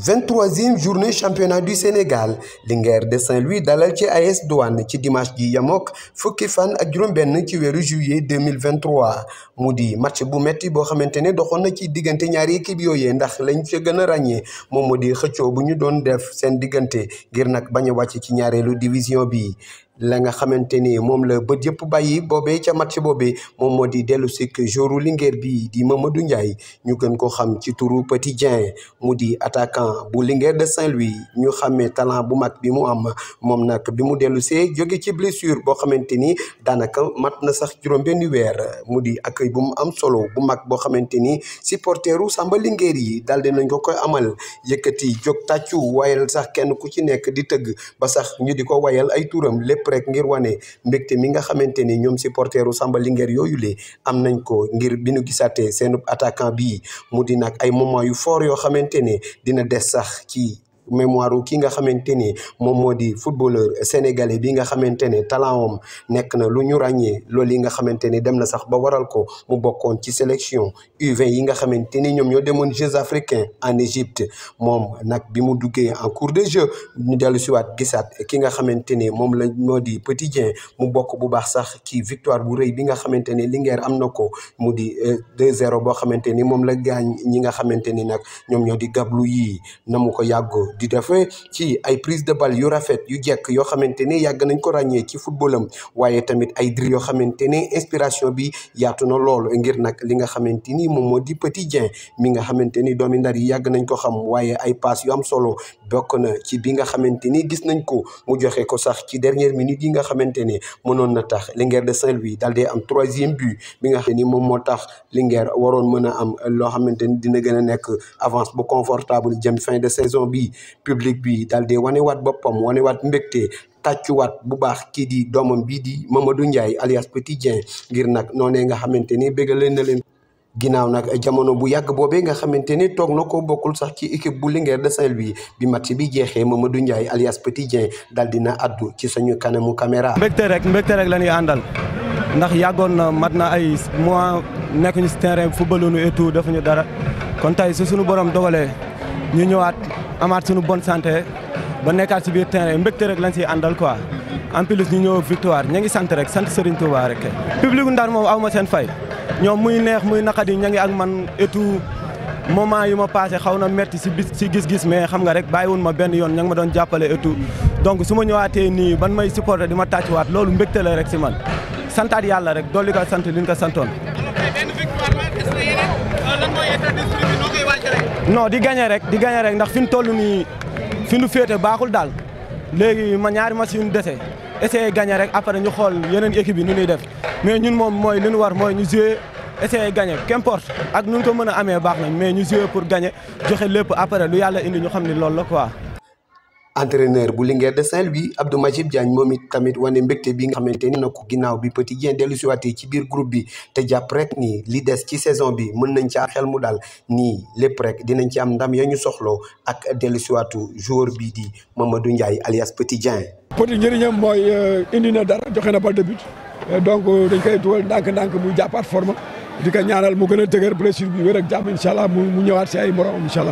23e journée championnat du Sénégal Linger de Saint-Louis dalal ci AS Douane ci dimanche gi Yamok, fukki fan ak juróom-benn ci juillet 2023 Moudi match bu metti boo xamante digante, doxoon na ci diggante ñaari équipe yooyee ndax lañ ca gën di bu ñu doon def Sen Digante, Girnak nag bañ a division bi la nga xamante ni moom la ba yëpp bàyyi boobe ca match boobee moom moo di dellu si joru Linguère di di Mamadou Ndiaye ñu gën ko xam ci turu Petit Dieng mu di attaquant bu Linguère de Saint-Louis ñu xamee talent bu mag bi mu am moom nag bi mu dellu see jóge ci blessure boo xamante ni daanaka mat na sax juróom-benni weer mu di accueil bu mu am solo bu mag boo xamante ni supporteru Samba Linguère yi daal di nañ koy amal yëkkati jóg tàccu wayal sax kenn ku ci nekk di tëgg ba sax ñu di ko wayal ay turam lépp. rek ngir wane mbégte mi nga xamante ni ñoom supporteru Samba Linguère yooyu lee am nañ ko ngir bi ñu gisaatee seen attaquant bii mu di nag ay moment yu fort yoo xamante ne dina des sax ci mémoire ki nga xamante ni moom moo di footballeur sénégalais bi nga xamante ne talent am nekk na lu ñu ràññee loolu yi nga xamante ni dem na sax ba waral ko mu bokkoon ci sélection u yi nga xamante ni ñoom ñoo demoon Jeux africains en Égypte moom nag bi mu duggee en cours de jeu ñu dellu siwaat gisaat ki nga xamante ni moom la moo di Petit Dieng mu bokk bu baax sax ci victoire bu rëy bi nga xamante ni Linguère am na ko mu di 2-0 euh, boo xamante ni moom la gaañ ñi nga xamante ni nag ñoom ñoo di gablu yii na mu ko yàgg du dafa ci ay prise de balle yu rafet yu jek yo xamante yag nañ ko ragné ci footballam tamit ay dir yo inspiration bi yatuna ngirnak lool ngir nak li nga xamante mom modi Petit Dieng mi nga xamante domi ndar yi yag nañ ko xam ay passe yu am solo bokk na ci bi nga gis nañ ko mu joxe ko sax ci dernière minute yi nga xamante mënon na tax linger de Saint-Louis daal am 3 troisième but bi nga xam mom moom moo tax Linguère am lo xamante dina gëna nek avance bu confortable jëm fin de saison bi public bi dal di wane wat mbekté mbégte wat bu baax kii di domam bi di Mamadou ndjay alias Petit Dieng ngir nak noné nga xamanténi ni bégalee na leen ginaaw nak jamono bu yàgg bobé nga xamanténi tok nako bokul sax ci équipe bu Linguère de Saint-Louis bi match bi jeexee Mamadou ndjay alias Petit Dieng dal dina addu ci suñu kanamu caméra. mbekté rek mbekté rek lañuy andal ndax yagon matna ay mois nekk ci terrain footballu football et tout ñu dara kon tay su suñu borom dogalé ñu ñëwaat. amaat suñu bonne sante ba nekkaat si biir terrain mbégte rek lañ siy àndal quoi en plus ñu ñëw victoire ñu ngi sant rek sant Serigne Touba rek. public Ndar moom aw ma seen fay ñoom muy neex muy naqadi ña ngi ak man et tout moment ma passé xaw na meti si bis si gis-gis mais xam nga rek bàyyiwun ma benn yoon ña ngi ma doon jàppale et tout donc su ma ñëwaatee nii ban may supporté di ma tàccuwaat loolu mbégte la rek si man santaat yàlla rek dolli ko sant liñ santoon. non di gagné rek di gagné rek ndax fi ñu toll nii fi ñu féete baaxul daal léegi ma ñaari match yu ñu dese essayé gagné rek après ñu xool yeneen équipe yi nu ñuy def mais ñun moom mooy li nu war mooy ñu joué essayé gagné qu'importe ak nu ñu ko mën a amee baax nañ mais ñu joué pour gagné joxe lépp après lu yàlla indi ñu xam ni loolu la quoi. entraîneur bu Linguère de Saint-Louis Abdou Majib Diagne moom it tamit wane mbégte bi xamante ni na ko ginnaaw bi Petit Dieng dellu siwaatee ci biir groupe bi te jàpp rek ni li des ci saison bi mën nañ ca xel mu daal nii lépp rek dinañ ci am ndam ya ñu soxloo ak dellu siwaatu joueur bii di Mamadou Ndiaye alias Petit Dieng. Petit njëriñam mooy euh, indi na dara joxe na bal de euh, donc euh, dañ koy dugal ndànk-ndànk mu jàppaat forme di ko ñaanal mu gën a dëgër blessure bi wér ak jàmm incha allah mu ñëwaat si ay morom incha